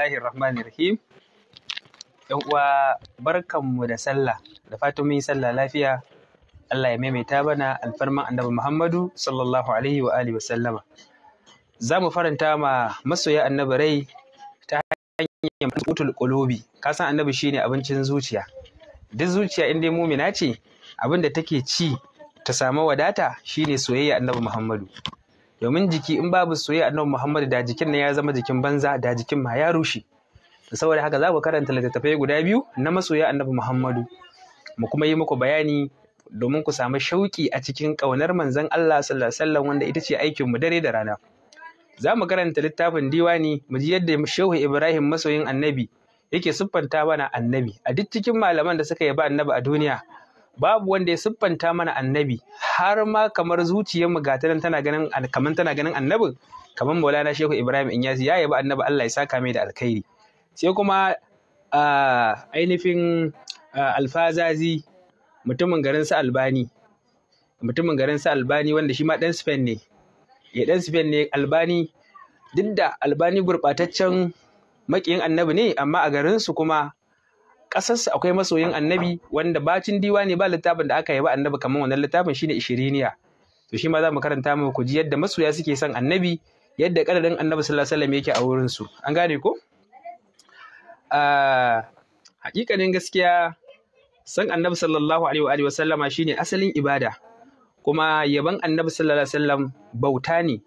bismillahir rahmanir rahim yan uwa barkanmu da sallah da fatan mun yi sallah lafiya Allah ya maimaita bana alfarman annabi Muhammadu sallallahu alaihi wa alihi wa sallama za mu faranta ma masoya annabi rai ta hanyar mutul qulubi ka san annabi shine abincin zuciya duk zuciya inda dai mumina ce abin da take ci ta samu wadata shine soyayya annabi Muhammadu domin jiki in babu soyayya annabi Muhammad da jikin nan ya zama jikin banza da jikin ma ya rushe saboda haka za ku karanta littattafai guda biyu na masoya annabi Muhammadu mu kuma yi muku bayani domin ku samu shauki a cikin ƙaunar manzon Allah sallallahu alaihi wasallam wanda ita ce aikin mu dare da rana za mu karanta littafin diwani mu ji yadda shehu Ibrahim masoyin annabi yake siffanta mana annabi a duk cikin malaman da suka yaba annabi a duniya babu wanda ya siffanta mana annabi har ma kamar zuciyarmu ga ta tana ganin kamar tana ganin annabin kamar Maulana Shehu Ibrahim Inyasi ya yaba annabi Allah ya saka mai da alkhairi sai kuma ainihin alfazazi mutumin garin su Albani mutumin garin su Albani wanda shi ma dan Spain ne ya dan Spain ne Albani duk da Albani gurbataccen makiyin annabi ne amma a garin su kuma ƙasarsa akwai masoyin annabi wanda bacin diwa ne ba littafin da aka yaba annabi kamar wannan littafin shine ishiriniya to shi ma za mu karanta mu ku ji yadda masoya suke son annabi yadda kadarin annabi sallallahu alaihi wasallam yake a wurin su an gane ko a ah, hakikanin gaskiya san annabi sallallahu alaihi wa sallama shine asalin ibada kuma yaban annabi sallallahu alaihi wasallam bauta ne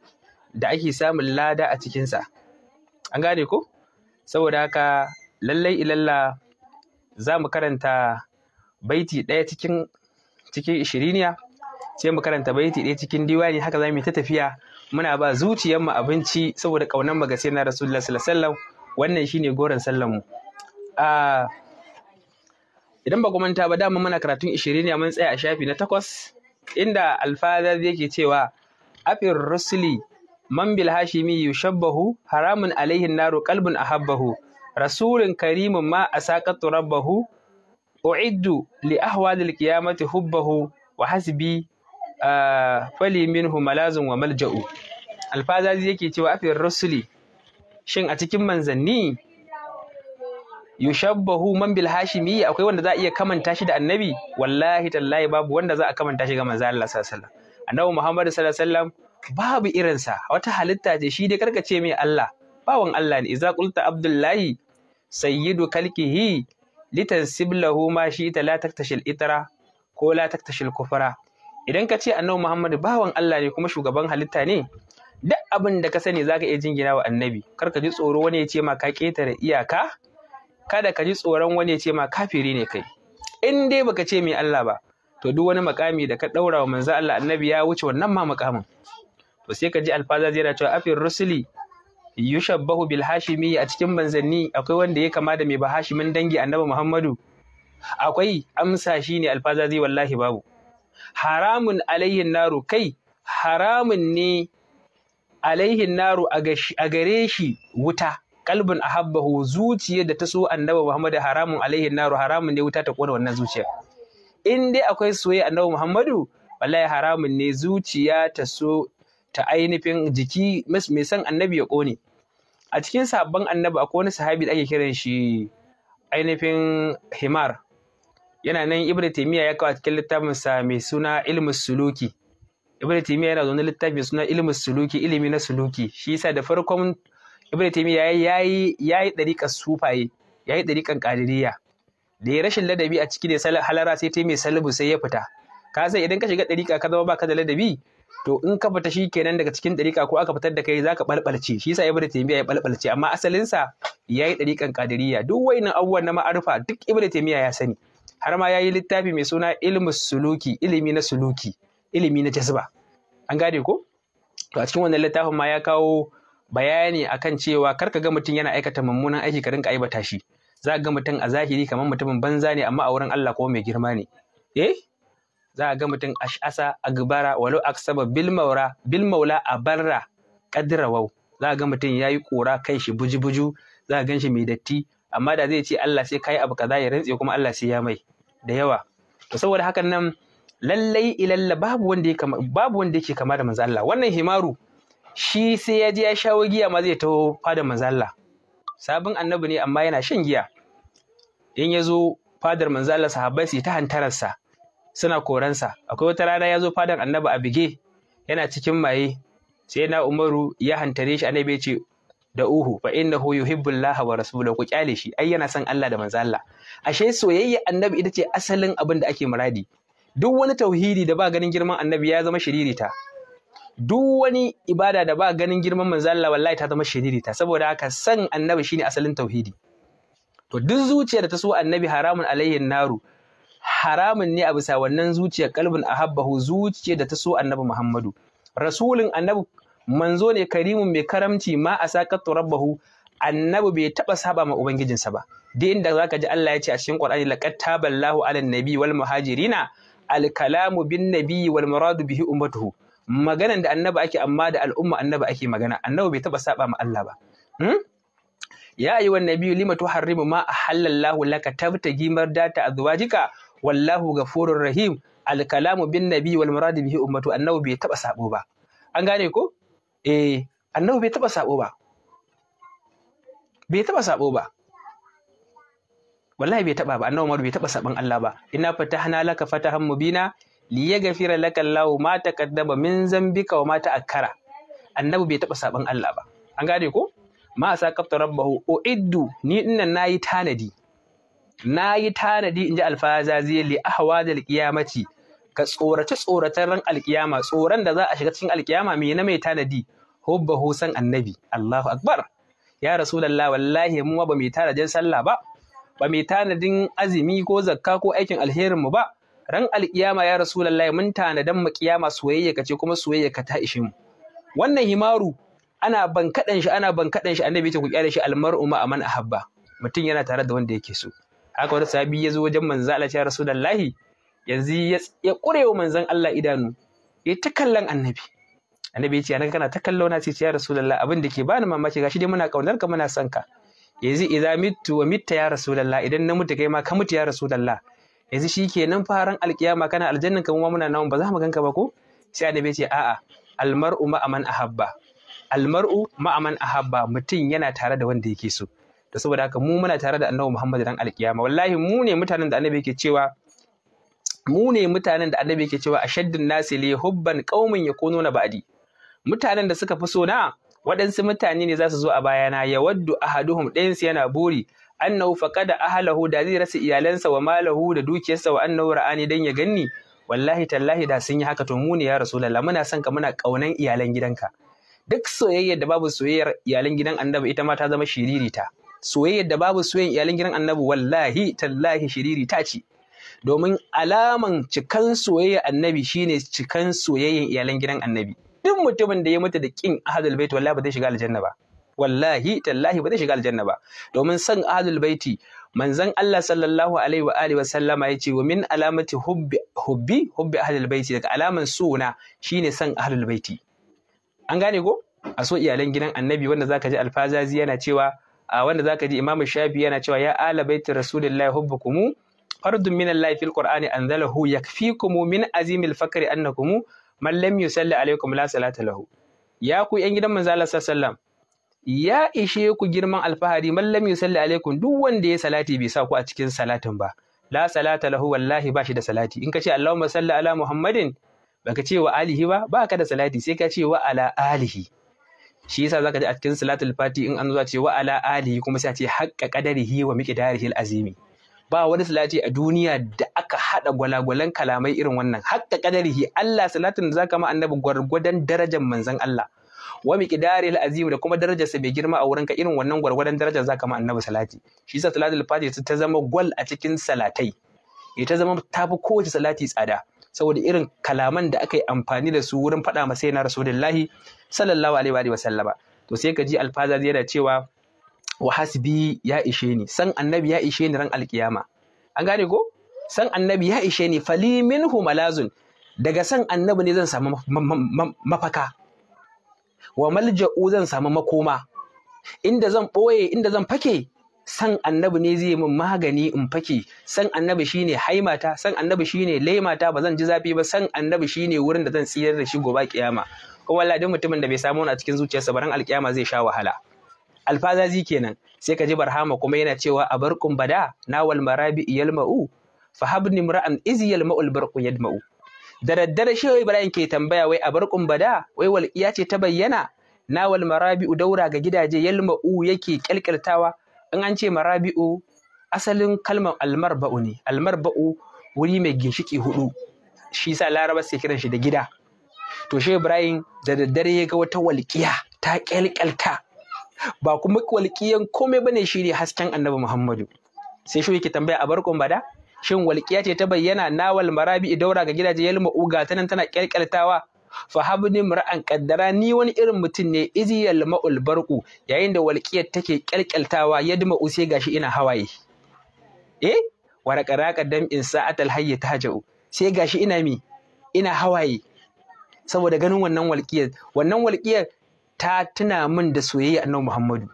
da ake samun lada a cikinsa an gane ko saboda haka lallai ilalla za mu karanta baiti ɗaya cikin cikin ishiriniya sai mu karanta baiti ɗaya cikin diwani haka za mu ta tafiya muna ba zuciyarmu abinci saboda ƙaunar mu ga sai na rasulullah sallallahu wannan shine goron sallar mu. idan ba manta ba dama muna karatun ishiriniya mun tsaya a shafi na takwas inda alfadar yake cewa afir rusuli man bil hashimi yushabbahu haramun alaihin naru qalbun ahabbahu rasulun karimin ma a saƙatu rabbahu u'iddu li ahwalil qiyamati hubbahu wa hasbi Falimin minhu malazun wa malja'u alfazazi yake cewa afir rasuli shin a cikin manzanni yushabbahu man bil hashimi akwai wanda za a iya kamanta shi da annabi wallahi tallahi babu wanda za a kamanta shi ga manzo Allah sallallahu babu irinsa wata halitta ce shi dai karkace mai Allah bawan Allah ne iza qulta abdullahi sayyidu kalkihi litansib lahu ma shi ta la taktashil itara ko la taktashil kufara idan ka ce annabi Muhammadu bawan Allah ne kuma shugaban halitta ne duk abin da ka sani zaka iya jingina wa annabi kar ka ji tsoro wani ya ce ma ka ketare iyaka kada ka ji tsoron wani ya ce ma kafiri ne kai in dai baka ce mai Allah ba to duk wani makami da ka daura wa manzo Allah annabi ya wuce wannan ma makamin to sai ka ji alfaza zai cewa afir rusuli yushabbahu bil hashimi a cikin manzanni akwai wanda ya kama da mai bahashimin dangi annabi Muhammadu akwai amsa shi ne alfazazi wallahi babu haramun alaihin naru kai haramun ne alaihin naru a gare shi wuta kalbin ahabbahu zuciyar da ta so annabi Muhammadu haramun alaihin naru haramun ne wuta ta kona wannan zuciya in dai akwai soyayya annabi Muhammadu wallahi haramun ne zuciya ta so ta ainihin jiki mai san annabi ya ƙone a cikin sabon annabi akwai wani sahabi da ake kiran shi ainihin himar yana nan ibn taimiyya ya kawo cikin littafin sa mai suna ilmus suluki ibn taimiyya yana zaune littafi mai suna ilmus suluki ilimi na suluki shi yasa da farkon ya yi yayi yi dariƙar sufaye yi dariƙar ƙadiriyya? da ya rashin ladabi a ciki da halara sai ta mai salbu sai ya fita ka san idan ka shiga dariƙa ka zama ba ka da ladabi to in ka fita shi kenan daga cikin ɗariƙa ko aka fitar da kai za ka ɓalɓalce shi yasa ibnu taymiya ya ɓalɓalce amma asalinsa ya yi ɗariƙan ƙadiriya duk wayannan abubuwan na Ma'arfa duk ibnu taymiya ya sani har ma ya yi littafi mai suna ilmu suluki ilimi na suluki ilimi na jazba an gane ko to a cikin wannan littafin ma ya kawo bayani akan cewa kar ka ga mutum yana aikata mummunan aiki ka rinka aibata shi za ka ga mutum a zahiri kamar mutumin banza ne amma a wurin Allah ko mai girma ne eh za a ga mutum ash'asa agbara walau a saba maura bil a abarra za a ga mutum ya yi ƙura kan shi buji buju za a gan shi mai datti amma da zai ce Allah sai kai abu kaza ya rantse kuma Allah sai ya mai da yawa to saboda hakan nan lallai ilalla babu wanda ya kama yake kama da manzo wannan himaru shi sai ya je ya shawo giya ma zai taho fadar manzo Allah sabon annabi ne amma yana shan giya in ya zo fadar manzo Allah sahabbai su ta hantararsa suna koransa akwai wata rana ya zo fadan annabi a bige yana cikin maye sai na umaru ya hantare shi annabi ya ce da uhu fa innahu yuhibbullah wa rasuluhu ku kyale shi ai yana son Allah da manzo Allah ashe soyayya annabi ita ce asalin abin da ake muradi duk wani tauhidi da ba ganin girman annabi ya zama shiririta duk wani ibada da ba ganin girman manzo Allah wallahi ta zama shiririta saboda haka san annabi shine asalin tauhidi to duk zuciyar da ta so annabi haramun alayhin naru haramun ne a bisa wannan zuciyar kalbin ahabbahu zuciyar da ta so annabi Muhammadu rasulun annabi manzo ne karimun mai karamci ma a sakattu rabbahu annabi bai taba saba ma ubangijinsa ba Da inda za ka ji Allah ya ce a cikin Qur'ani laqad taballahu ala nabi wal muhajirina al kalamu bin nabi wal muradu bihi ummatuhu maganan da annabi ake amma da al'umma annabi ake magana annabi bai taba saba ma Allah ba hmm? ya wa Nabiyu lima tuharrimu ma ahallallahu laka tabtagi mardata azwajika wallahu gafurur rahim alkalamu bin nabi wal muradi bihi ummatu annahu bai taba sabo ba an gane ko eh annahu bai taba sabo ba bai taba sabo ba wallahi bai taba ba annahu ma bai taba sabon Allah ba inna fatahna laka fatahan mubina liyaghfira laka Allah ma taqaddama min zambika wa ma ta'akkara annabi bai taba sabon Allah ba an gane ko ma sa kafta rabbahu uiddu ni inna nayi tanadi na yi tanadi in ji alfazazi a ahwa da alkiyamaci ka tsorace tsoratan ran alƙiyama tsoron da za a shiga cikin alkiyama me na mai tanadi hubba husan annabi Allahu akbar ya rasulullah wallahi mu ba mai tanadin sallah ba ba mai tanadin azumi ko zakka ko aikin alherin mu ba ran alƙiyama ya rasulullah mun tanadan mu kiyama soyayya ka kuma soyayya ka ta ishe mu wannan himaru ana bankadan shi ana bankaɗan shi annabi ce ku kyale shi almar'u ma aman ahabba mutum yana tare da wanda yake so haka wani Sabi ya zo wajen manzo Allah ya rasulullahi yanzu ya kurewa manzon Allah idanu ya ta kallon annabi annabi ya ce nan kana ta kallo na ce ya abin da ke bani mamaki gashi dai muna kaunar ka muna son ka yanzu idza mitu wa mitta ya rasulullahi idan na mutu kai ma ka mutu ya rasulullahi yanzu shikenan faran alkiyama kana aljannan ka mu muna nawa, ba za mu ganka ba ko sai annabi ya ce a'a almar'u ma'aman ahabba almar'u ma'aman ahabba mutum yana tare da wanda yake so da saboda haka mu muna tare da annabi Muhammad dan alkiyama wallahi mu ne mutanen da annabi yake cewa mu ne mutanen da annabi yake cewa ashaddun nasi li hubban qaumin na ba'di mutanen da suka fi so na waɗansu mutane ne za su zo a bayana ya waddu ahaduhum ɗayansu yana buri annahu faqada ahlahu da zai rasa iyalansa wa malahu da dukiyarsa wa annahu ra'ani dan ya ganni wallahi tallahi da sun yi haka to mu ne ya rasulullah muna son ka muna kaunan iyalan gidanka duk soyayyar da babu soyayyar iyalan gidan annabi ita ma ta zama shiririta soyayyar da babu soyayyar iyalan gidan annabi wallahi tallahi shiriri ta ce domin alaman cikan soyayyar annabi shine cikan soyayyar iyalan gidan annabi duk mutumin da ya mutu da kin ahadul bait wallahi ba zai shiga aljanna ba wallahi tallahi ba zai shiga aljanna ba domin san ahlul baiti manzon Allah sallallahu alaihi wa alihi wa sallama yace wa min alamati hubbi hubbi hubbi ahlul baiti daga alaman suna shine san ahlul baiti an gane ko a so iyalan gidan annabi wanda zaka ji alfazazi yana cewa A wanda zaka ji Imam Shafi yana cewa ya ala baiti rasulillahi hubbukum fardun min Allah fil Qur'ani anzalahu yakfikum min azimil fakri annakum man lam yusalli alaikum la salata lahu ya ku yan gidan manzo Allah sallallahu ya ishe ku girman alfahari man lam yusalli alaikum duk wanda ya salati bai sa ku a cikin salatin ba la salata lahu wallahi ba shi da salati in ka ce Allahumma salli ala Muhammadin baka ce wa alihi ba baka da salati sai ka ce wa ala alihi shi yasa zaka ji a cikin salatul fati in an zo ce wa ala alihi kuma sai a ce haqqa qadarihi wa miqdarihi al-azimi ba wani salati a duniya da aka hada gwalagwalan kalamai irin wannan haqqa qadarihi Allah salatin da zaka ma annabi gwargwadon darajar manzon Allah wa miqdaril azim da kuma darajarsa mai girma a ka irin wannan gwargwadon darajar zaka ma annabi salati shi yasa salatul fati ta zama gwal a cikin salatai ita zama tafi kowace salati tsada saboda irin kalaman da aka yi amfani da su wurin faɗa masa yana rasulullahi sallallahu alaihi wa sallama to sai ka ji alfaza yana cewa wa hasbi ya ishe ni san annabi ya ishe ni ran alkiyama an gane ko san annabi ya ishe ni fali minhu malazun daga san annabi ne zan samu mafaka wa malja'u zan samu makoma inda zan ɓoye inda zan fake san annabi ne zai min magani in fake san annabi shine haimata san annabi shine laimata ba zan ji zafi ba san annabi shine wurin da zan tsiyar da shi gobe kiyama kuma wallahi duk mutumin da bai samu wani a cikin zuciyarsa baran alkiyama zai sha wahala alfazazi kenan sai ka ji barhama kuma yana cewa a barkun bada na wal marabi iyal ma'u fa habni mra'an iz yal ma'ul barqu yadma'u da daddare shehu ibrahim ke tambaya wai a barkun bada wai wal ce ta bayyana na wal marabi daura ga gidaje yalma'u yake kyalkyaltawa in an ce marabi'u asalin kalmar Ba'u ne Almar Ba'u wuri mai ginshiki hudu shi sa laraba suke kiran shi da gida to shi ibrahim da daddare ya ga wata walƙiya ta kyalkyalta ba kuma walƙiyan komai bane shi ne hasken annabi muhammadu sai shi yake tambaya a barkon bada shin walƙiya ce ta bayyana nawal marabi'u daura ga gidaje yalma uga ta tana kyalkyaltawa fa habni mar'an qaddara ni wani irin mutum ne izi yalma'ul barqu yayin da walqiyar take kyalkyaltawa yadma sai gashi ina hawaye eh waraqaraka in sa'atal hayy tahajau sai gashi ina mi ina hawaye saboda ganin wannan walqiyar wannan walqiyar ta tuna min da soyayya annabi Muhammadu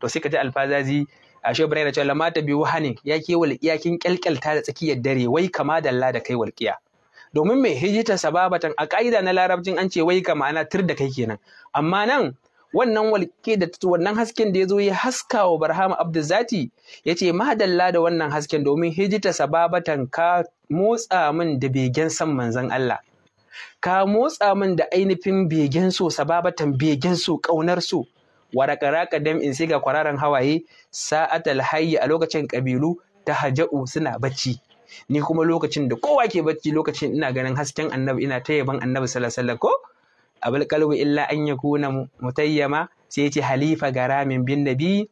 to sai ka ji alfazazi a shi Ibrahim da cewa lamata bi ya ke walƙiya kin kyalkyalta da tsakiyar dare wai kama dalla da kai walƙiya domin mai hijita sababatan a ƙa'ida na larabcin an ce wai ka ma'ana tur da kai kenan amma nan wannan walke da wannan hasken da ya zo ya haska wa barhama abdulzati ya ce madalla da wannan hasken domin hijita sababatan ka motsa min da begen san manzon Allah ka motsa min da ainihin begen so sababatan begen so ƙaunar so waraka dam in sai ga kwararan hawaye sa'atal hayyi a lokacin ƙabilu ta haja'u suna bacci ni kuma lokacin da kowa ke bacci lokacin ina ganin hasken annabi ina ta yaban annabi salasala ko abul illa an yakuna mutayyama sai ce halifa garamin bin nabi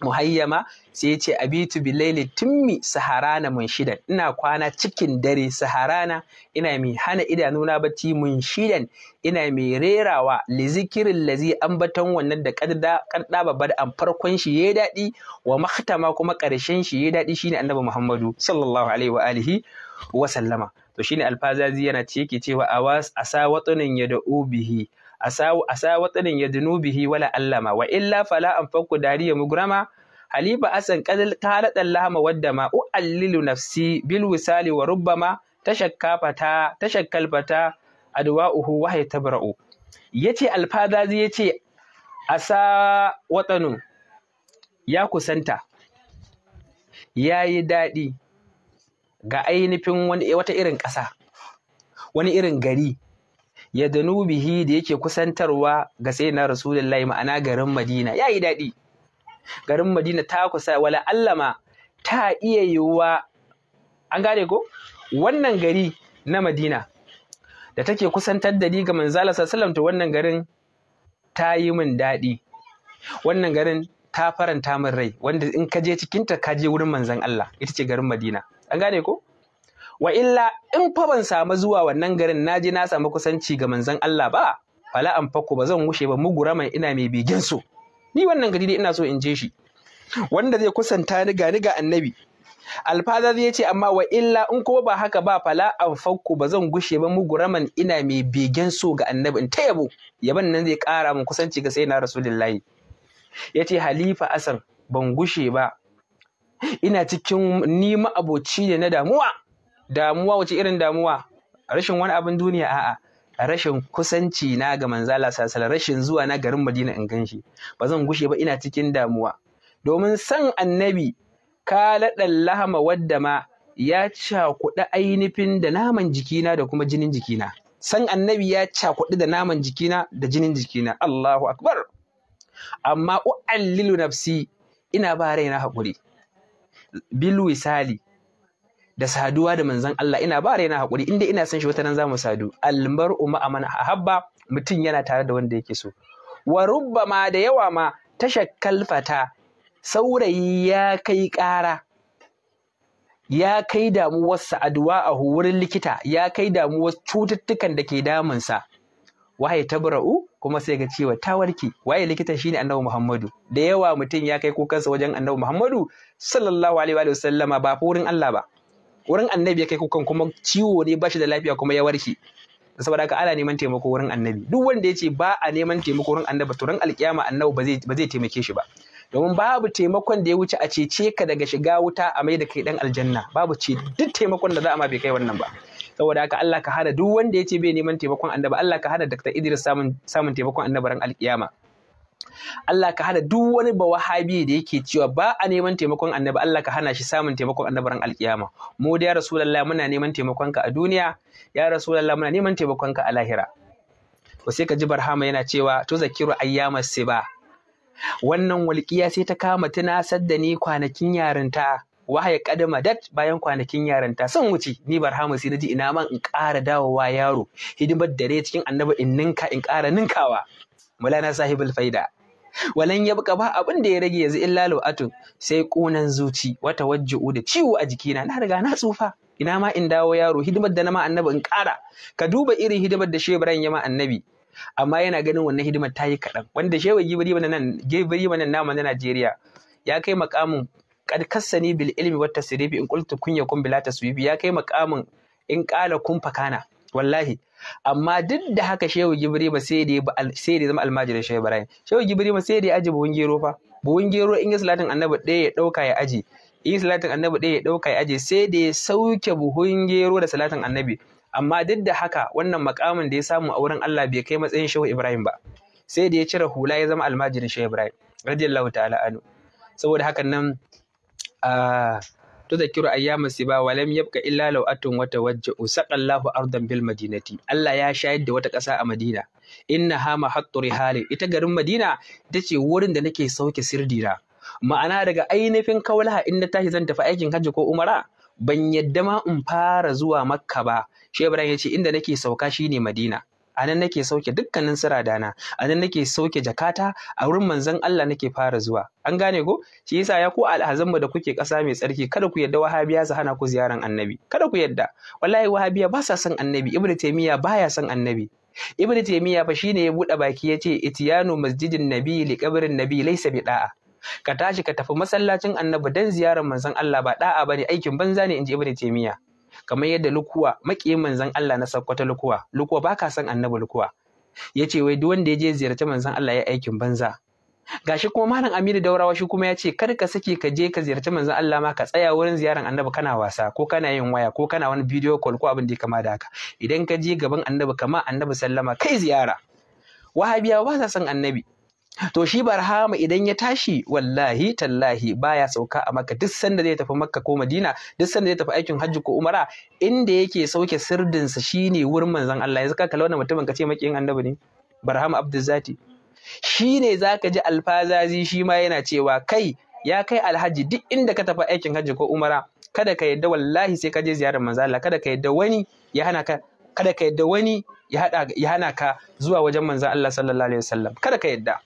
muhayyama sai ya ce abitu bilaili timmi saharana mun shidan ina kwana cikin dare saharana ina mai hana idanuna bacci mun shidan ina mai rerawa li zikirin lazi ambaton wannan da kadda babbar an farkon shi ya daɗi wa mahtama kuma ƙarshen shi ya daɗi shine annabi muhammadu sallallahu alaihi wa alihi wa sallama to shine alfazazi yana ce yake cewa awas asa watanin ya da'u bihi asa watanin ya bihi wala allama wa illa fala an fanku dariya mugrama haliba asan kadal taladan lahama wadda ma uallilu nafsi bil wisali wa rubbama tashakkafata tashakkalfata adwa'uhu wa tabra'u yace alfadazi yace asa watanu ya kusanta yayi daɗi ga ainihin wata irin ƙasa wani irin gari ya danubihi da yake kusantarwa ga sai na rasulullahi ma'ana garin madina yi daɗi garin madina ta kusa wala allama ta iya yiwuwa an gane ko wannan gari na madina da take kusantar da ni ga manzala sallam to wannan garin ta yi min daɗi wannan garin ta faranta min rai wanda in ka je cikinta ka je wurin manzan Allah ita ce garin Madina an gane ko wa illa in fa ban samu zuwa wannan garin na je na samu kusanci ga manzon Allah ba fala an fako ba zan wuce ba muguraman ina mai begen so ni wannan gari dai ina so in je shi wanda zai kusanta ni ga ni ga annabi Alfadar zai ce amma wa illa in kuma ba haka ba fala an fako ba zan gushe ba muguraman ina mai begen so ga annabi in ta yabo yaban nan zai kara min kusanci ga sayyidina rasulullahi yace halifa asan ban gushe ba ina cikin ni ma'aboci ne na damuwa damuwa wace irin damuwa rashin wani abin duniya a'a rashin kusanci na ga manzala sasala rashin zuwa na garin madina in ganshi ba zan gushe ba ina cikin damuwa domin san annabi ka kalaɗan lahama wadda ma ya cakuɗa ainihin da naman jikina da kuma jinin jikina san annabi ya cakuɗi da naman jikina da jinin jikina Allahu akbar amma u'allilu nafsi ina ba raina hakuri. bil wisali da saduwa da manzon Allah ina ba raina hakuri inda ina son shi wata nan zamu sadu almar'u ma man ahabba mutum yana tare da wanda yake so wa rubbama da yawa ma tashar fata saurayi ya kai ƙara ya kai damuwar sa'aduwa a wurin likita ya kai damuwar cututtukan da ke damunsa waye tabra'u kuma sai ga cewa ta warke waye likitan shine annabi Muhammadu da yawa mutum ya kai kukansa wajen annabi Muhammadu sallallahu alaihi wa sallama ba wurin Allah ba wurin annabi ya kai kukan kuma ciwo ne ba bashi da lafiya kuma ya warke saboda haka ana neman taimako wurin annabi duk wanda ya ce ba a neman taimako wurin annabi to ran alkiyama annabi ba zai taimake shi ba domin babu taimakon da ya wuce a cece ka daga shiga wuta a mai da kai dan aljanna babu ce duk taimakon da za a ma bai kai wannan ba saboda haka Allah ka hada duk wanda ya ce bai neman taimakon annabi Allah ka hada Dr. Idris samun samun taimakon annabi ran alkiyama Allah ka hana duk wani ba wahabi da yake cewa ba a neman taimakon annabi Allah ka hana shi samun taimakon annabi ran alkiyama mu da ya rasulullahi muna neman taimakon ka a duniya ya rasulullahi muna neman taimakon ka a lahira to sai ka ji barhama yana cewa to zakiru ayyama siba wannan walƙiya sai ta kama tana da ni kwanakin yarinta wahaya kadama dat bayan kwanakin yarinta Sun wuce ni Barhama sai naji ina man in ƙara dawowa yaro hidimar dare cikin annabi in ninka in ƙara ninkawa mulana sahibul faida walan buka ba abin da ya rage yanzu illa atun. sai kunan zuci wata wajju'u da ciwo a jikina na riga na tsufa ina ma in dawo yaro hidimar da na ma annabi in ƙara ka duba irin hidimar da shebran ya ma annabi amma yana ganin wannan hidimar ta yi kaɗan wanda shewa gibiri nan gibiri nan nama na Najeriya ya kai makamin kad kassani bil ilmi wat tasrifi in qultu kun yakun bila ya kai makamin in qala kun fakana wallahi amma duk da haka shehu gibri ba sai da sai da zama almajirin shehu ibrahim shehu gibri ba sai da ya aji buhun gero fa buhun gero in ya salatin annabi ɗaya ya ɗauka ya aji in salatin annabi ɗaya ya ɗauka ya aji sai da ya sauke buhun gero da salatin annabi amma duk da haka wannan makamin da ya samu a wurin Allah bai kai matsayin shehu ibrahim ba sai da ya cire hula ya zama almajirin shehu ibrahim radiyallahu ta'ala anhu saboda hakan nan ah, tuzakiru ayyama siba wa lam yabqa illa law'atun wa tawajja'u saqallahu ardan bil madinati Allah ya shayar da wata ƙasa a Madina inna hama mahattu hali. ita garin Madina tace wurin da nake sauke sirdira ma'ana daga ainihin kawalha inda na tashi zan tafi aikin hajji ko umara ban yadda ma in fara zuwa makka ba shebran yace ya ce inda nake sauka shine madina a nan nake sauke dukkanin siradana a nan nake sauke jakata a wurin manzon Allah nake fara zuwa an gane ko shi yasa ya ku alhazanmu da kuke ƙasa mai tsarki kada ku yadda wahabiya su hana ku ziyaran annabi kada ku yadda wallahi wahabiya ba sa son annabi ibnu taymiya baya son annabi ibnu taymiya fa shine ya buɗe baki yace itiyanu masjidin nabi li qabrin nabi laysa bi da'a ka tashi ka tafi masallacin annabi dan ziyarar manzon Allah ba da'a bane aikin banza ne inji ibnu taymiya kamar yadda lukuwa maƙiyin manzan Allah na sakkwata lukuwa lukuwa ba ka san annabi lukuwa ya ce wai duk wanda ya je ziyarci manzan Allah ya aikin banza gashi kuma malam Aminu Daurawa shi kuma ya ce kar ka sake ka je ka ziyarci manzan Allah ma ka tsaya wurin ziyaran annabi kana wasa ko kana yin waya ko kana wani bidiyo call ko abin da ya kama da haka idan ka je gaban annabi kama annabi sallama kai ziyara wahabiyawa ba sa son annabi to shi barhama idan ya tashi wallahi tallahi baya sauka a makka duk sanda zai tafi makka ko madina duk sanda zai tafi aikin hajji ko umara inda yake sauke sirdinsa shine wurin manzon Allah yanzu ka kalla wannan mutumin ka ce in annabi ne barhama abdulzati shi ne zaka ji alfazazi shi ma yana cewa kai ya kai alhaji duk inda ka tafi aikin hajji ko umara kada ka yadda wallahi sai ka je ziyarar manzon Allah kada ka yadda wani ya hana ka kada ka yadda wani ya hana ka zuwa wajen manzon Allah sallallahu alaihi wasallam kada ka yadda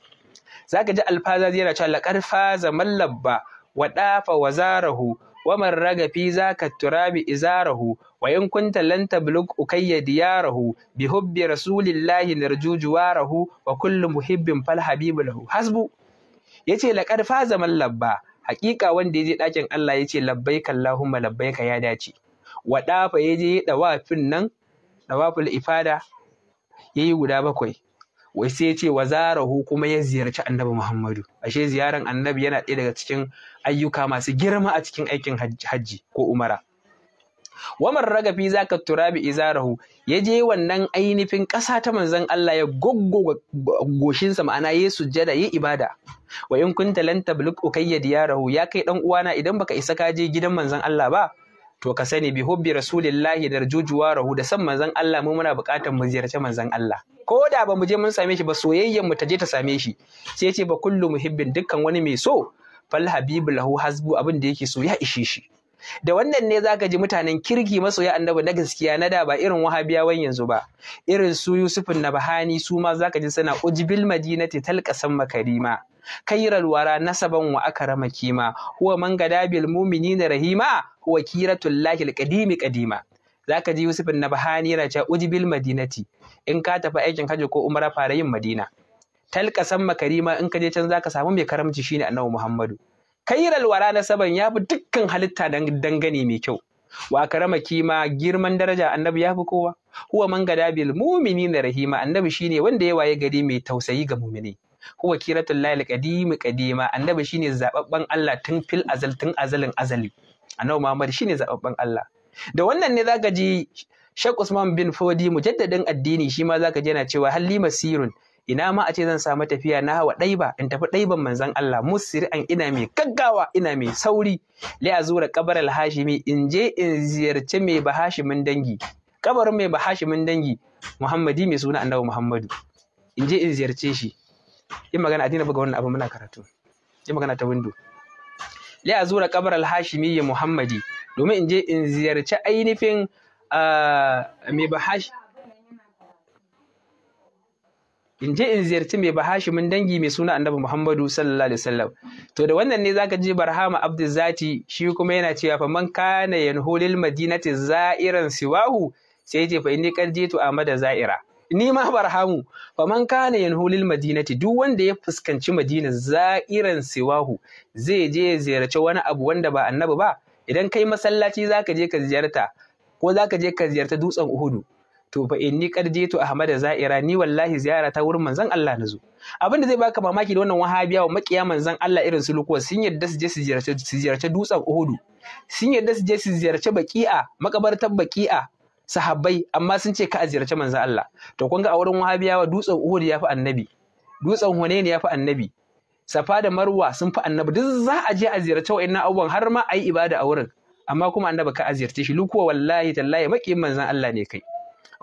zaka ji alfaza yana cewa laqad faza man labba wa zarahu wa man raga fi zaka turabi izarahu wa in kunta lan tablug ukayya diyarahu bi hubbi rasulillahi narju juwarahu wa kullu muhibbin fal habibu lahu hasbu yace laqad faza man labba haƙiƙa wanda ya je ɗakin Allah ya ce labbaika Allahumma labbaika ya dace wa ɗafa ya je nan ɗawaful ifada ya yi guda bakwai wai sai ya ce wa zarahu kuma ya ziyarci annabi Muhammadu ashe ziyaran annabi yana ɗaya daga cikin ayyuka masu girma a cikin aikin hajji ko umara wamar ragafi za tura turabi izarahu ya je wannan ainihin ƙasa ta manzon Allah ya goggo goshinsa ma'ana ya sujjada ya ibada wa in kunta lan tabluk ukayya diyarahu ya kai ɗan uwana idan baka isa ka je gidan manzon Allah ba to ka sani bi hubbi rasulillahi da jujuwa rahu da san manzon Allah mu muna buƙatar mu ziyarci manzon Allah ko da ba mu je mun same shi ba soyayyen mu ta je ta same shi sai ce ba kullu muhibbin dukkan wani mai so fal habibu lahu hasbu abin da yake so ya ishe shi da wannan ne zaka ji mutanen kirki masoya annabi na gaskiya na da ba irin wahabiyawan yanzu ba irin su yusufin nabahani su ma zaka ji suna ujbil madinati talqasan makarima kairal wara nasaban wa akrama kima huwa man bil mu'minina rahima huwa kiratul lahil qadimi qadima zaka ji Yusuf Nabhani yana cewa ujibil madinati in ka tafi aikin hajji ko umara fara yin madina talqasan makarima in ka je can zaka samu mai karamci shine Annabi Muhammadu kairal wara nasaban ya fi dukkan halitta dangane mai kyau wa karama kima girman daraja annabi ya fi kowa huwa man bil mu'minina rahima annabi shine wanda ya waye gari mai tausayi ga mu'mini huwa kiratul lail qadim qadima annabi shine zababban Allah tun fil azal tun azalin azali annabi Muhammad shine zababban Allah da wannan ne zaka ji Sheikh Usman bin Fodi mujaddadin addini shi ma zaka ji yana cewa halli masirun ina ma a ce zan samu tafiya na hawa ɗaiba in tafi ɗaiban manzon Allah musiri an ina mai gaggawa ina mai sauri li azura kabar al-hashimi in je in ziyarci mai bahashimin dangi kabarin mai bahashimin dangi Muhammadi mai suna Annabi Muhammadu in je in ziyarce shi Yin magana a dina buga wannan abu muna karatu Yin magana ta windo li azura qabr al hashimi muhammadi domin in je in ziyarci ainihin ah, mai bahash in je in ziyarci mai mun dangi mai suna annabi muhammadu sallallahu alaihi wasallam to da wannan ne zaka ji barhama zati shi kuma yana cewa fa man kana yanhulil madinati za'iran siwahu sai ya ce fa inni qad jitu amada za'ira ni ma barhamu faman kana yanhu lil madinati duk wanda ya fuskanci madina za'iran siwahu zai je ya ziyarci wani abu wanda ba annabi ba idan kai masallaci zaka je ka ziyarta ko zaka je ka ziyarta dutsen uhudu to fa inni qad jitu ahmada za'ira ni wallahi ziyara ta wurin manzon Allah nazo abin da zai baka mamaki da wannan wahabiya wa makiya manzon Allah irin su lukuwa sun yadda su je su ziyarci dutsen uhudu sun yadda su je su ziyarci baki'a makabartar baki'a sahabbai amma sun ce ka a ziyarci manzo Allah to kun ga a wurin wahabiyawa dutsen Uhud ya fi annabi dutsen Hunain ya fi annabi Safa da Marwa sun fi annabi duk za a je a ziyarci wa'annan abubuwan har ma a yi ibada a wurin amma kuma annabi ka a ziyarce shi lukuwa wallahi tallahi makiyin manzon Allah ne kai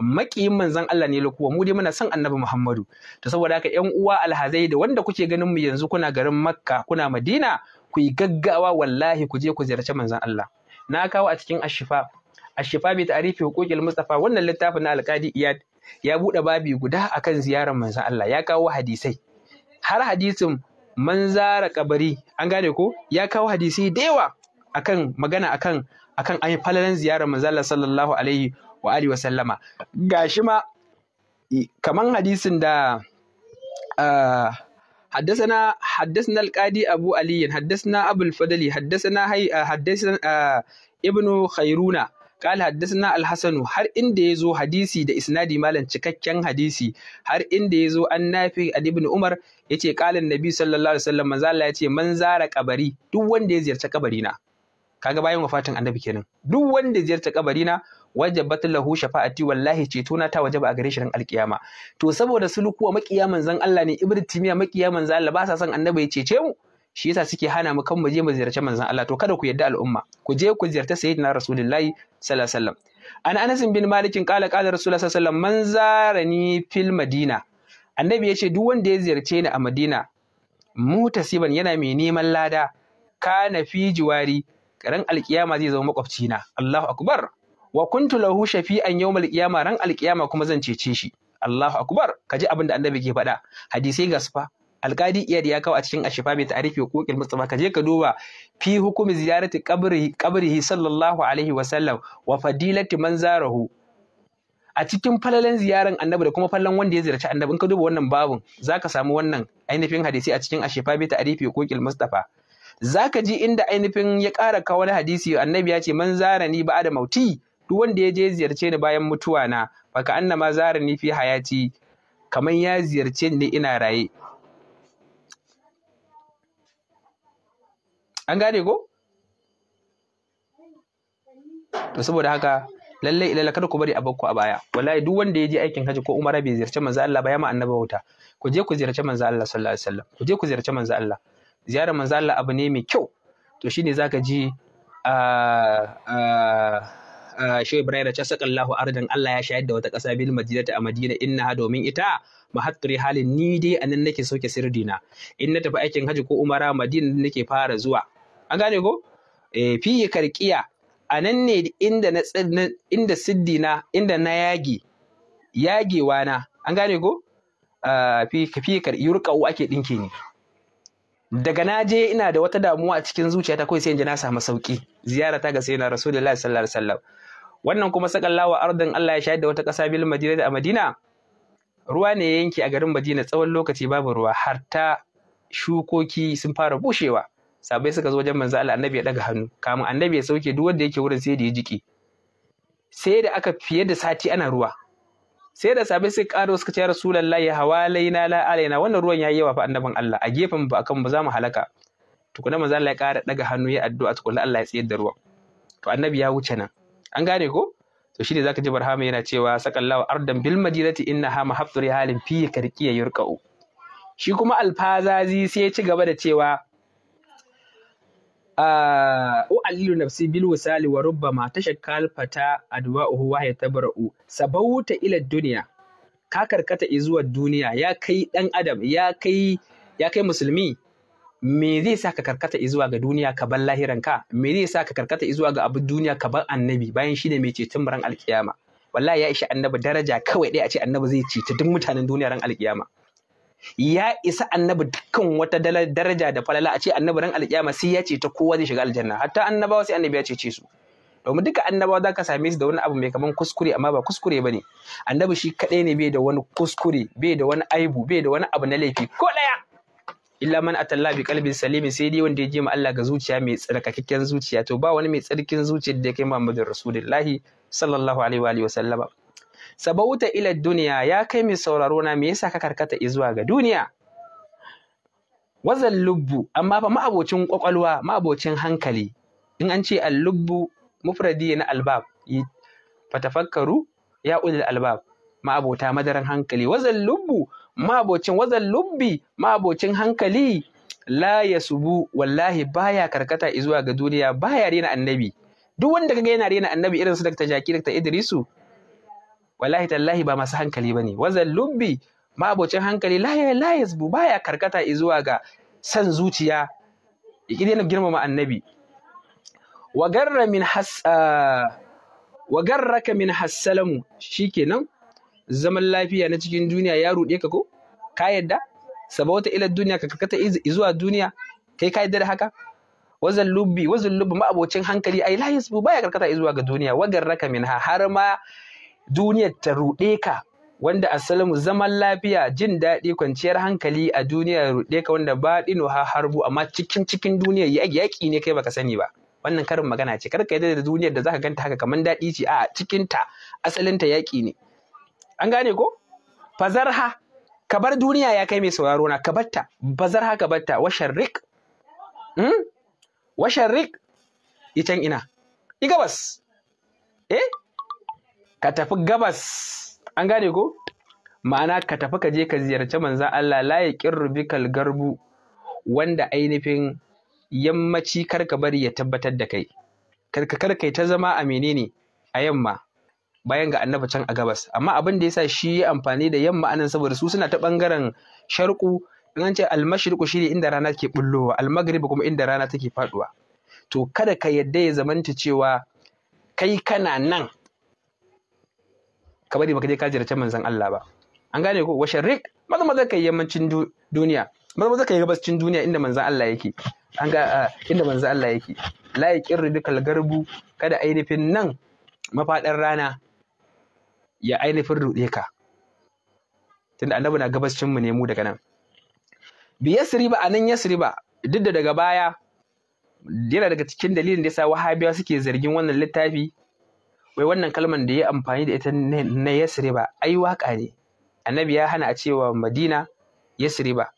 maƙiyin manzon Allah ne lukuwa mu dai muna son annabi Muhammadu to saboda haka ƴan uwa alhazai da wanda kuke ganin mu yanzu kuna garin Makka kuna Madina ku yi gaggawa wallahi ku je ku ziyarci manzon Allah na kawo a cikin ashifa ashifa bi ta'rifi huquqil mustafa wannan littafin na alqadi iyad ya bude babi guda akan ziyarar manzon Allah ya kawo hadisai har hadisin manzara kabari an gane ko ya kawo hadisai da yawa akan magana akan akan an falalan ziyarar manzon Allah sallallahu alaihi wa gashi ma kaman hadisin da uh, حدثنا حدثنا القاضي أبو علي حدثنا أبو الفضل حدثنا حدثنا ابن خيرونة qala haddathana al-hasan har inda ya zo hadisi da isnadi malan cikakken hadisi har inda ya yazo annafi ibn umar yace qala annabi sallallahu alaihi wasallam manzo Allah yace man zara kabari duk wanda ya ziyarci kabari na kaga bayan wa wafatin annabi kenan duk wanda ya ziyarci kabari na wajabat lahu shafa'ati wallahi ceto na waje ba a gare shi alkiyama to saboda sulukuwa makiya manzon Allah ne ibnu timiya makiya manzon Allah ba sa son annabi ya ce mu shi yasa suke hana mu kan mu je mu ziyarci manzon Allah to kada ku yadda al'umma ku je ku ziyarci sayyidina rasulullahi sallallahu alaihi wasallam an Anas bin Malik qala qala rasulullahi sallallahu alaihi wasallam man zarani fil madina annabi yace duk wanda ya ziyarce ni a madina mutasiban yana mai neman lada kana fi jiwari ran alkiyama zai zama na. Allahu akbar wa kuntu lahu shafi'an yawmal qiyama ran alkiyama kuma zan cece shi Allahu akbar kaji abin da annabi ke faɗa hadisai ga alkadi iyad ya kawo a cikin ashifa mai ta'arifi huquqil mustafa kaje ka duba fi hukumi ziyarati qabrihi sallallahu alaihi wa sallam wa fadilati man zarahu a cikin falalan ziyaran annabi da kuma fallan wanda ya ziyarci annabi in ka duba wannan babun zaka samu wannan ainihin hadisi a cikin ashifa bi ta'rifi huquqil mustafa zaka ji inda ainihin ya ƙara kawo wani hadisi annabi ya ce man zarani ba da mauti duk wanda ya je ziyarce ni bayan mutuwa na baka annama zarani fi hayati kamar ya ziyarce ni ina raye an gane ko to saboda haka lallai ilalla kada ku bari a bakku a baya wallahi duk wanda ya je aikin haji ko umara bai ziyarci manzo Allah ba ya ma annaba wuta ku je ku ziyarci manzo Allah sallallahu alaihi wasallam ku je ku ziyarci manzo Allah ziyarar manzo Allah abu ne mai kyau to shine zaka ji a shi Ibrahim da Casakallahu Ardan Allah ya shayar da wata kasa bil Madinata a Madina inna domin ita mahatturi halin ni dai a nan nake soke sirdina in na tafi aikin haji ko umara madina nake fara zuwa an gane ko e, eh, fiye karkiya a nan ne inda na inda siddina inda na yage. yagewa na an gane ko ah, fiye karkiya yurƙau ake ɗinke ni daga na je ina da wata damuwa a cikin zuciyata kawai sai in ji na samu sauki ziyarata ga sayyidina rasulullahi sallallahu alaihi wasallam wannan kuma sakan lawa ardin Allah ya da wata ƙasa bil madina a madina ruwa ne ya yanke a garin Madina tsawon lokaci babu ruwa har ta shukoki sun fara bushewa sabai suka zo wajen manzo Allah annabi ya daga hannu kamun annabi ya sauke duk wanda yake wurin sai da ya jiki sai da aka fiye da sati ana ruwa sai da sabai suka karo suka ce rasulullahi hawalaina la alaina wannan ruwan yayi yawa fa annabin Allah a gefen ba akan ba za mu halaka tukuna manzo Allah ya kara daga hannu ya addu'a tukuna Allah ya tsayar da ruwan to annabi ya wuce nan an gane ko to shine zaka ji barhama yana cewa sakallawa, ardan bil madinati ha mahafturi halin fi karqiya yurqa'u shi kuma alfazazi sai ya ci gaba da cewa alilu ah, nafsi bil wasali wa rubbama tashakkal fata adwa'uhu wa yatabra'u sabauta ila dunya ka karkata izuwa duniya ya kai dan adam ya kai ya kai musulmi me zai sa ka karkata zuwa ga duniya ka bar ka? me zai sa ka karkata zuwa ga abin duniya ka bar annabi bayan shi ne mai ceton ran alkiyama wallahi ya ishi annabi daraja kawai dai a ce annabi zai ceci duk mutanen duniya ran alkiyama ya isa annabi dukkan wata daraja da falala a ce annabi ran alkiyama sai ya ceta kowa zai shiga aljanna hatta annabawa sai annabi ya cece su domin duka annabawa za ka same su da wani abu mai kaman kuskure amma ba kuskure ne. annabi shi kadai ne bai da wani kuskure bai da wani aibu bai da wani abu na laifi ko ɗaya illa man atalla bi kalbin salimi sai dai wanda ya je ma Allah ga zuciya mai tsarkakakken zuciya to ba wani mai tsarkin zuciyar da kai Muhammadu Rasulullahi sallallahu alaihi wa alihi wasallama sabauta ila duniya ya kai mai sauraro na me yasa ka karkata zuwa ga duniya wazan lubbu amma fa ma'abocin kwakwalwa ma'abocin hankali in an ce Lubbu mufradi na albab fatafakkaru ya ulil albab ma'abota madaran hankali wazan lubbu ma'abocin wazan lubbi ma'abocin hankali la ya subu wallahi baya karkata izuwa ga duniya baya rena annabi duk wanda kaga yana rena annabi irin su dakta Jaki dakta Idrisu wallahi tallahi ba masu hankali bane wazan lubbi ma'abocin hankali la ya la ya subu baya karkata izuwa ga san zuciya ya daina girmama annabi wa garra min has ah, wa garraka min hassalamu shikenan zaman lafiya na cikin duniya ya ruɗe ka ko ka yadda saba wata ilar duniya ka kakata zuwa duniya kai ka yadda da haka wazan lubbi wazan lubbi ma'abocin hankali ai la yasbu baya karkata zuwa ga duniya wagar raka ha har ma duniyar ta ruɗe ka wanda asalamu zaman lafiya jin daɗi kwanciyar hankali a duniya ruɗe ka wanda ba ɗino ha harbu amma cikin cikin duniya yaƙi ne kai baka sani ba wannan karin magana ce kar ka yadda da duniyar da zaka ganta haka kamar daɗi ce a cikinta, asalinta yaƙi ne an gane ko fazarha ka bar duniya ya kai mai sauraro na ka batta fazarha ka batta washar rik hmm? washar rik itan ina i gabas eh ka tafi gabas an gane ko ma'ana ka tafi ka je ka ziyarci manzan Allah laye ya garbu wanda ainihin yammaci kar ka bari ya tabbatar da kai karka karka ta zama a menene a yamma bayan ga annabi can a gabas amma abin da yasa shi ya amfani da yamma anan saboda su suna ta bangaren sharqu in an ce almashriqu shine inda rana ke bullowa almagribu kuma inda rana take faduwa to kada ka yadda ya zamanta cewa kai kana nan ka bari baka je ka jira manzon Allah ba an gane ko washarriq maza maza kai yammacin duniya maza maza kai gabascin duniya inda manzon Allah yake an ga ah, inda manzon Allah yake la yaqirru dukal garbu kada ainihin nan mafaɗar rana ya ainihin ruɗe ka tunda annabi na gabascin mu ne mu daga nan bi yasriba anan ba. duk da daga baya yana daga cikin dalilin da yasa wahabiya suke zargin wannan littafi wai wannan kalmar da ya amfani da ita na ba ai waka ne annabi ya hana a cewa madina ba.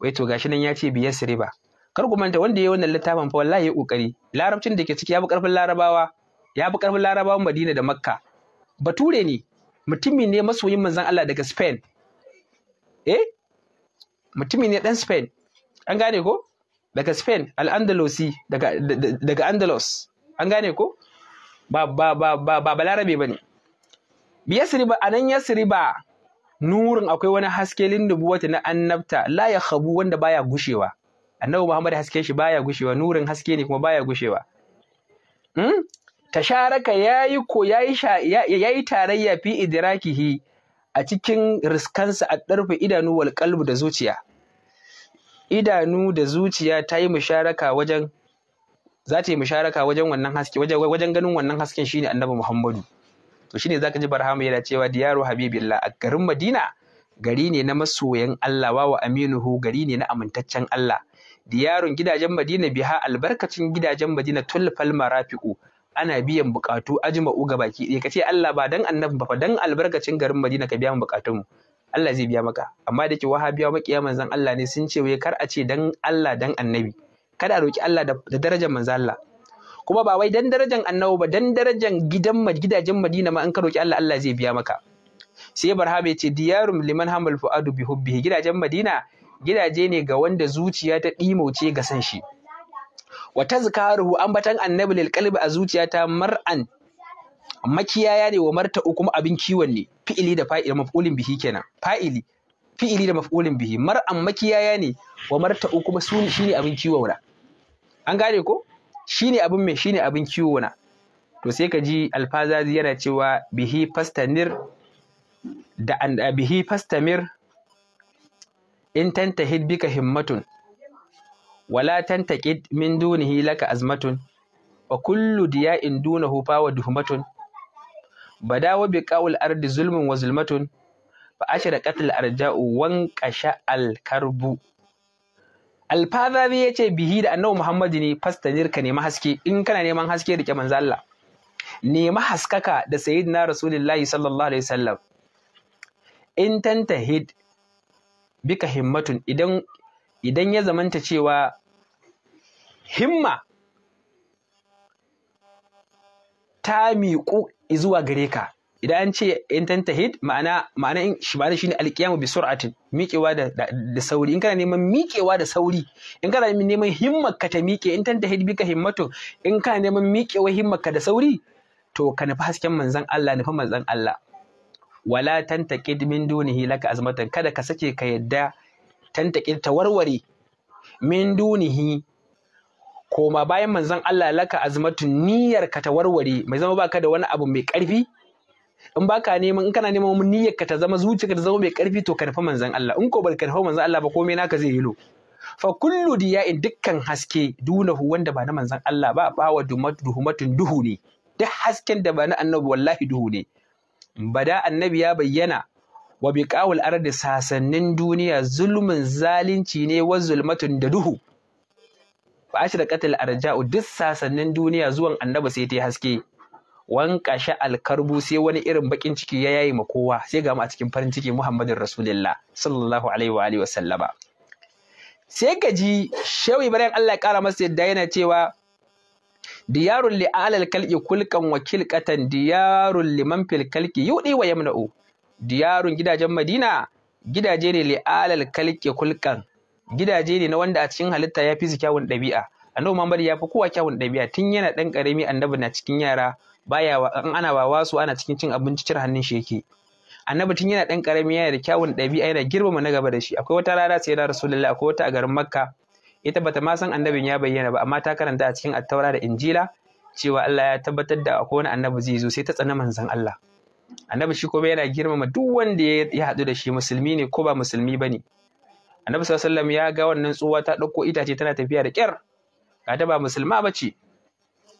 wai to gashi nan ya ce bi ba. kar ku manta wanda ya yi wannan littafin fa wallahi ya kokari larabcin da ke ciki ya fi karfin larabawa ya fi karfin larabawan madina da makka bature ne mutumi ne masoyin manzan Allah daga Spain eh mutumi ne dan Spain an gane ko daga Spain al-Andalusi daga daga Andalus an gane ko ba ba ba ba ba balarabe bane bi yasriba anan ba, nurin akwai wani haske wata na annabta la ya khabu wanda baya gushewa annabi Muhammad haske shi baya gushewa nurin haske ne kuma baya gushewa hmm? tasharaka yi ko ya yi tarayya fi idrakihi a cikin riskansa a ɗarfe idanu wal kalbu da zuciya idanu da zuciya ta yi musharaka wajen za ta yi musharaka wajen wannan haske wajen ganin wannan hasken shine annabi Muhammadu to shine zaka ji Barhama yana cewa diyaru habibillah a garin Madina gari ne na masoyan Allah wa wa aminuhu gari ne na amintaccen Allah diyarun gidajen Madina biha albarkacin gidajen Madina tulfal marafiqu ana biyan bukatu ajma'u ga baki ɗaya kace Allah ba dan annabi ba fa dan albarkacin garin Madina ka biya mu bukatun mu Allah zai biya maka amma da ke wahabiya makiya manzon Allah ne sun ce wai kar a ce dan Allah dan annabi kada a roki Allah da darajar manzon Allah kuma ba wai dan darajar annabi ba dan darajar gidan gidajen Madina ma an ka roki Allah Allah zai biya maka sai barhabe ce diyarum liman hamal fuadu bi hubbihi gidajen Madina gidaje ne ga wanda zuciya ta ɗimauce ga san shi wa tazkaruhu ambatan annabi lil qalbi a zuciyata mar'an makiyaya ne wa marta kuma abin kiwon ne fi'ili da fa'ili maf'ulin bihi kenan fa'ili fi'ili da maf'ulin bihi mar'an makiyaya ne wa marta kuma suni shine abin kiwon an gane ko shine abin me shine abin kiwon na to sai ka ji alfazazi yana cewa bihi fastanir da bihi fastamir in tantahid bika himmatun wala tantaqid min dunihi laka azmatun wa kullu diya'in dunahu fa wa duhmatun badawa bi qawl ardi zulmun wa zulmatun fa ashara qatl arja'u wan qasha al karbu alfazabi yace bihi da annabi muhammadu ne fastanirka ka nemi haske in kana neman haske da manzo Allah nemi haskaka da sayyidina rasulullahi sallallahu alaihi wasallam in tantahid bika himmatun idan idan ya zamanta cewa himma ta miƙu zuwa gare ka idan an ce in tantahid ma'ana ma'ana in shi ma'ana shine alqiyamu bi sur'atin miƙewa da, da, sauri in kana neman miƙewa da sauri in kana neman himmar ka ta miƙe in tantahid bika himmatu in kana neman miƙewa himmar ka da sauri to ka nufi hasken manzon Allah nufi manzon Allah wala tantaqid min dunihi laka azmatan kada ka sake ka yadda tantake ta warware min dunihi koma bayan manzon Allah laka azmatun niyyar ka ta warware mai zama baka da wani abu mai karfi in baka neman in kana neman niyyar ka ta zama zuciyarka ta zama mai karfi to karfa manzon Allah in ko bar karfa manzon Allah ba komai naka zai yi lo fa kullu diya'in dukkan haske dunahu wanda ba na manzon Allah ba bawa duhumatun duhu ne duk hasken da ba na annabi wallahi duhu ne bada annabi ya bayyana wa kawul ardi sasannin duniya zulmin zalunci ne wa zulmatun da duhu fa ashraqatil arja'u duk sasannin duniya zuwan annabi sai ta haske wankashe alkarbu sai wani irin bakin ciki ya yayi ma kowa sai ga mu a cikin farin ciki Muhammadin Rasulullah sallallahu alaihi wa alihi wa sallama sai gaji, Shawi bare Allah ya kara masa yadda yana cewa diyarul li'al kalki kulkan kulqan wa kilqatan diyarul liman fil kalqi yudi wa yamna'u diyarun gidajen madina gidaje ne li'alal kalke kulkan gidaje ne na wanda a cikin halitta ya fi kyawun ɗabi'a annabi muhammad ya fi kowa kyawun ɗabi'a tun yana ɗan ƙarami annabi na cikin yara baya an ana wawa su ana cikin cin abinci cire hannun shi yake annabi tun yana ɗan ƙarami yana da kyawun ɗabi'a yana girmama na gaba da shi akwai wata rana sai na rasulullahi akwai wata a garin makka ita bata ma san annabin ya bayyana ba amma ta karanta a cikin attaura da injila cewa Allah ya tabbatar da akwai wani annabi zai zo sai ta tsana manzon Allah annabi shi kuma yana girmama duk wanda ya haɗu da shi musulmi ne ko ba musulmi ba ne annabi Sallam ya ga wannan tsuwa ta ɗauko itace tana tafiya da ƙyar ga ta ba musulma ba ce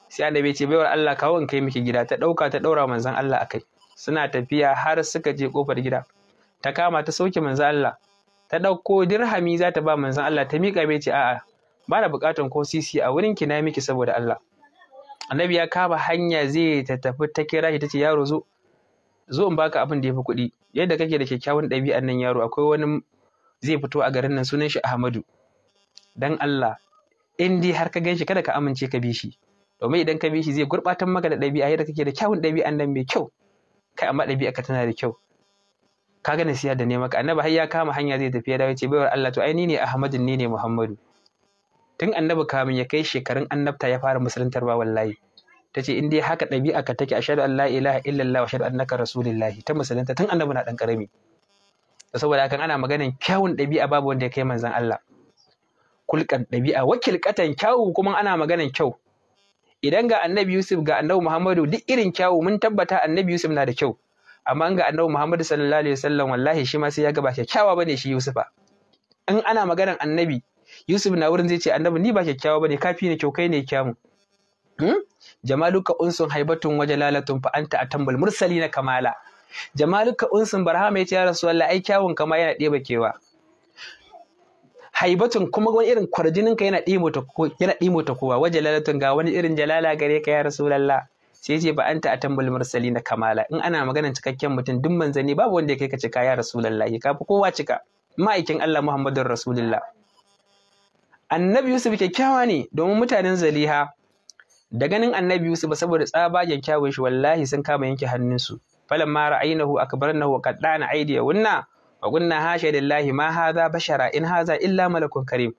sai annabi ce baiwar Allah kawo in kai miki gida ta ɗauka ta ɗaura manzon Allah a kai suna tafiya har suka je ƙofar gida ta kama ta sauke manzon Allah ta ɗauko dirhami za ta ba manzon Allah ta miƙa mai ce a'a ba na buƙatan ko sisi a wurin ki na miki saboda Allah annabi ya kama hanya zai ta tafi ta kira shi ta ce yaro zo zo in baka abin da yafi kuɗi yadda kake da kyakkyawan ɗabi'an nan yaro akwai wani zai fito a garin nan sunan shi Ahmadu dan Allah in dai har ka gan kada ka amince ka bi shi domin idan ka bi shi zai gurɓatar maka da ɗabi'a yadda kake da kyawun ɗabi'an nan mai kyau kai amma ɗabi'a tana da kyau ka ga nasiha da ne maka annabi har ya kama hanya zai tafi ya dawo ce baiwar Allah to ai ni ne Ahmadu ni ne Muhammadu tun annabi kamin ya kai shekarun annabta ya fara musuluntar ba wallahi Ta ce in dai haka ɗabi'a ka take ashadu an la ilaha illallah wa ashhadu annaka rasulullahi ta musulunta tun annabi na dan karami saboda hakan ana maganan kyawun ɗabi'a babu wanda ya kai manzon Allah kulkan ɗabi'a wakilkatan kyawu kuma ana maganan kyau idan ga annabi Yusuf ga annabi Muhammadu duk irin kyawu mun tabbata annabi Yusuf na da kyau amma ga annabi Muhammadu sallallahu alaihi wasallam wallahi shi ma sai ya ga ba ne bane shi Yusufa in ana maganan annabi Yusuf na wurin zai ce annabi ni ba kyakkyawa bane kafi ne kyau kai ne kyamu hmm? jamaluka unsun haibatun waje lalatun fa anta atambul mursali na kamala jamaluka unsun barhama ya ce ya rasulullah ai kyawun kama yana ɗeba kewa haibatun kuma wani irin kwarjinin ka yana ɗimo ta kowa waje lalatun ga wani irin jalala gare ka ya rasu sai ce ba anta atambul mursali na kamala in ana maganar cikakken mutum duk manzani babu wanda ya kai ka cika ya rasu rasulullah Ya kafi kowa cika ma'aikin Allah Muhammadu Rasulullah annabi Yusuf kyakkyawa ne domin mutanen Zaliha da ganin annabi Yusuf saboda tsabagen kyawun shi wallahi sun kama yanke hannunsu falan ma ra'ainahu akbarnahu wa qaddana wunna wa qulna hasha lillahi ma hadha bashara in hadha illa malakun karim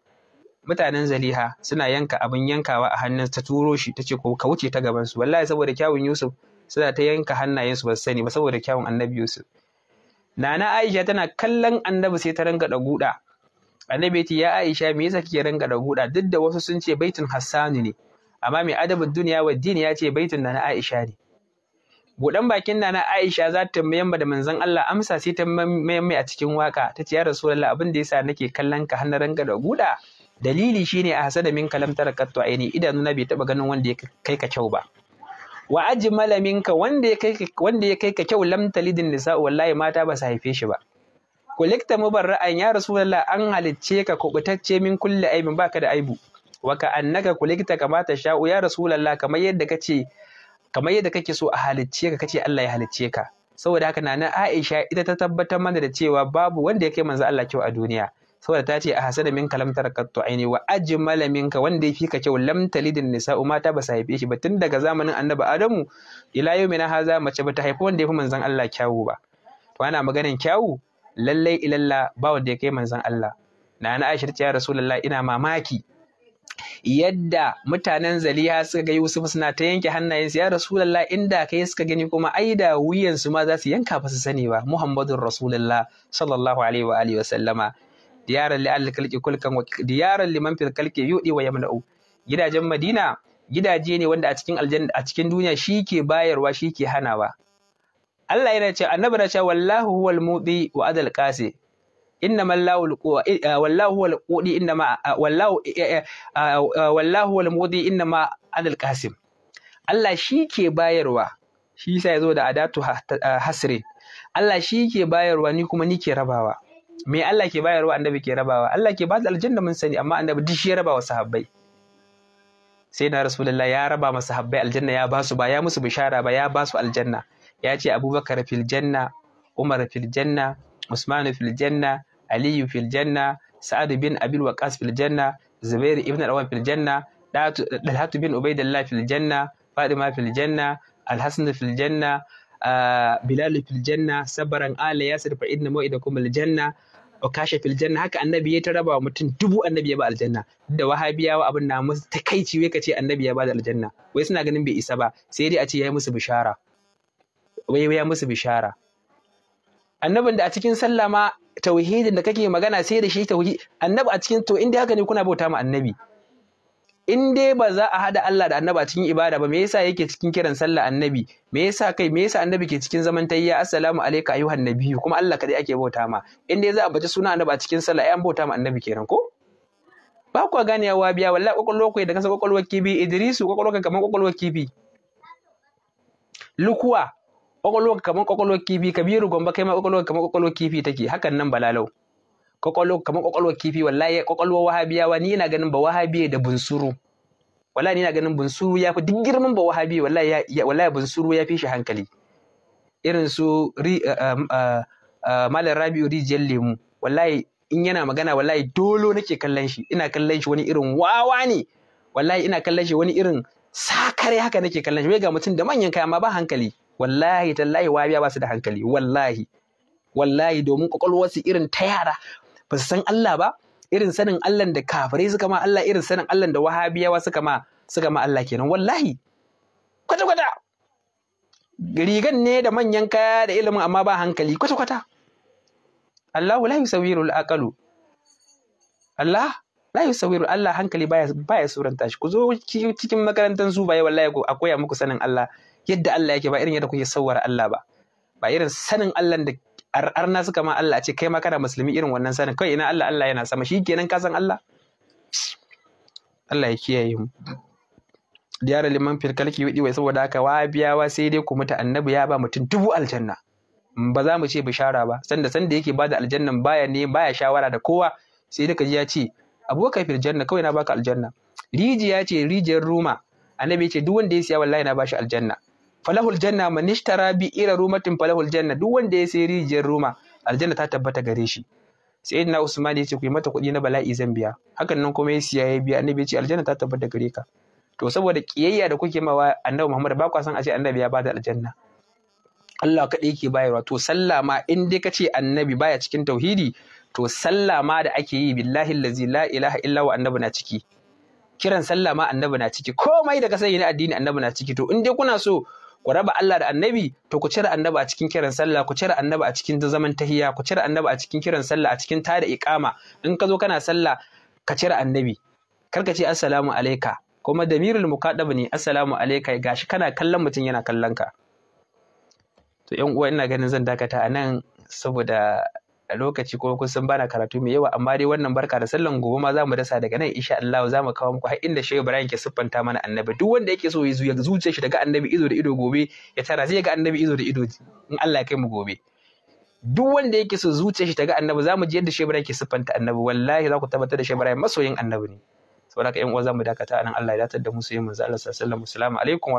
mutanen zaliha suna yanka abin yankawa a hannun ta turo shi ta ce ko ka wuce ta gaban su wallahi saboda kyawun Yusuf suna ta yanka hannayensu ba su sani ba saboda kyawun annabi Yusuf Nana Aisha tana kallon annabi sai ta ranga da guda annabi ya Aisha me yasa kike ranga da guda duk da wasu sun ce baitin Hassanu ne amma mai adabin duniya wa dini ya ce baitun na Aisha ne buɗan bakin Nana Aisha za ta tambayan da manzon Allah amsa sai ta mai a cikin waka ta ce ya Rasulullah abin da yasa nake kallon ka hannun ranka da guda dalili shine a hasada min kalam tarakattu aini idanuna bai taba ganin wanda ya kai ka kyau ba wa ajmala minka wanda ya kai wanda ya kai ka kyau lam talidin nisa wallahi mata ba su haife shi ba kulikta mubarra'an ya rasulullah an halicce ka kubutacce min kulli aibin baka da aibu wa ka annaka kulikta kama ta sha'u ya rasulullah kamar yadda kace kamar yadda kake so a halicce ka kace Allah ya halicce ka saboda haka nana Aisha ita ta tabbatar mana da cewa babu wanda ya kai manzo Allah kyau a duniya saboda ta ce a min kalamtar kattu aini wa ajmala minka wanda yafi ka kyau lam talidin nisa'u mata ba sahibi shi ba tun daga zamanin annabi adamu ila na haza mace ba ta haifi wanda yafi manzon Allah kyawu ba to ana maganan kyawu lallai ilalla ba wanda ya manzon Allah na na Aisha ta ce ya Rasulullah ina mamaki yadda mutanen zaliha suka ga yusuf suna ta yanke hannayensu ya rasulullah inda kai suka gani kuma ai da wuyan su ma za su yanka ba su sani ba muhammadun rasulullah sallallahu alaihi wa alihi wa sallama diyaran li al kalki kulkan wa diyaran liman fil kalki yudi wa yamna'u gidajen madina gidaje ne wanda a cikin aljanna a cikin duniya shi ke bayarwa shi ke hanawa Allah yana cewa annabi na cewa wallahu huwal mudi wa adal qasi inna mallahu wallahu wal qudi inna ma wallahu Allah shi ke bayarwa shi yasa yazo da adatu hasrin Allah shi ke bayarwa ni kuma ni ke rabawa me Allah ke bayarwa annabi ke rabawa Allah ke ba aljanna mun sani amma annabi duk shi ya rabawa sahabbai sai na rasulullah ya raba masa habbai aljanna ya basu su ba ya musu bishara ba ya basu aljanna ya ce abubakar fil umar fil Usman fil janna Ali fil janna Sa'ad bin Abil Waqas fil janna Zubair ibn Al-Awwam fil janna Dalhat bin Ubaidillah fil janna Fatima fil janna Al-Hasan fil janna ah, Bilal fil janna Sabran Ali Yasir fa inna mu'idakum al janna okasha fil janna haka annabi ya ta raba wa mutum dubu annabi ya ba aljanna da wahabiyawa abin na musu takaici wai kace annabi ya ba da aljanna wai suna ganin bai isa ba sai dai a ce ya yi musu bishara wai ya musu bishara annabin da a cikin sallah ma tauhidin da kake magana sai da shi tauhi. annabi a cikin to inda haka ne kuna bauta ma annabi in dai ba za a hada Allah da annabi a cikin ibada ba me yasa yake cikin kiran sallah annabi me yasa kai me yasa annabi ke cikin zaman tayya assalamu alayka ayyuhan nabiyyu kuma Allah kadai ake bauta ma in dai za a bace suna annabi a cikin sallah ai an bauta ma annabi kenan ko ba ku gane wa biya wallahi kokolwa ku da kasa kokolwa kibi idrisu kokolwa kamar kokolwa kibi lukuwa kwakwalwar kamar kwakwalwar kifi kabiru gombe kai ma kwakwalwar kamar kwakwalwar kifi take hakan nan balalau kwakwalwar kamar kwakwalwar kifi wallahi kwakwalwar wahabiyawa ni ina ganin ba wahabiye da bunsuru wallahi ni ina ganin bunsuru ya fi duk girman ba wahabiye wallahi wallahi bunsuru ya fi shi hankali irin su eh, eh, eh, malam rabi'u rijiyar lemu wallahi in yana magana wallahi dolo nake kallon shi ina kallon shi wani irin wawa ne wallahi ina kallon shi wani irin sakare haka nake kallon shi wai ga mutum da manyan kaya amma ba hankali wallahi tallahi biya ba su da hankali wallahi wallahi domin kwakwalwarsu irin ta yara ba su san Allah ba irin sanin Allah da kafirai suka ma Allah irin sanin Allah da wahabiyawa suka ma suka ma Allah kenan wallahi kwata kwata rigan ne da manyan kaya da ilimin amma ba hankali kwata kwata Allah la yusawiru al-aqalu Allah la yusawiru Allah hankali baya baya suranta shi ku zo cikin makarantar su baya wallahi akwai koya muku sanin Allah yadda Allah yake ba irin yadda kuke sauwara Allah ba ba irin sanin Allah da arna suka ma Allah a ce kai ma kana musulmi irin wannan sanin kai ina Allah Allah yana sama shi kenan ka san Allah Allah ya kiyaye mu diyar liman fil kalki wadi wai saboda haka wa biyawa sai dai ku mutu annabi ya ba mutum dubu aljanna ba za mu ce bishara ba sanda sanda yake bada aljannan baya ne baya shawara da kowa sai dai ka ji ya ce abokai fil janna kawai na baka aljanna rijiya ce rijiyar ruma annabi ya ce duk wanda ya siya wallahi na bashi aljanna falahul janna man ishtara bi ira rumatin falahul janna duk wanda ya sayi rijiyar ruma aljanna ta tabbata gare shi sai na usman ya ce ku yi mata kuɗi na bala'i zan biya hakan nan kuma ya siya ya biya annabi ya ce aljanna ta tabbata gare ka to saboda kiyayya da kuke mawa annabi muhammad ba ku san a ce annabi ya bada aljanna Allah kaɗai ke bayarwa to sallama in dai ka ce annabi baya cikin tauhidi to sallah da ake yi billahi allazi la ilaha illa wa annabi na ciki kiran sallah annabi na ciki komai da ka na addini annabi na ciki to in dai kuna so ku raba Allah da annabi to ku cire annabi a cikin kiran sallah ku cire annabi a cikin zaman tahiya ku cire annabi a cikin kiran sallah a cikin tada iqama in ka zo kana sallah ka cire annabi kar ka ce assalamu alayka kuma damirul muqaddab ne assalamu alayka gashi kana kallon mutum yana kallon ka to yan uwa ina ganin zan dakata anan saboda A lokaci ko san bana karatu mai yawa amma dai wannan barka da sallan gobe ma zamu dasa daga nan insha Allah zamu kawo muku har inda Shehu Ibrahim ke siffanta mana annabi duk wanda yake so ya zuce shi daga annabi ido da ido gobe ya tara zai ga annabi ido da ido in Allah ya kai mu gobe duk wanda yake so zuce shi daga annabi zamu ji yadda Shehu Ibrahim ke siffanta annabi wallahi za ku tabbatar da Shehu Ibrahim masoyin annabi ne saboda haka yan uwa zamu dakata anan Allah ya datar da mu sai mun zalla sallallahu alaihi wasallam assalamu alaikum